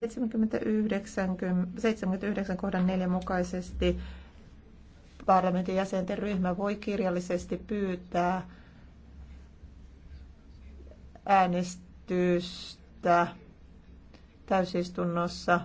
79, 79 kohdan 4 mukaisesti parlamentin jäsenten ryhmä voi kirjallisesti pyytää äänestystä täysistunnossa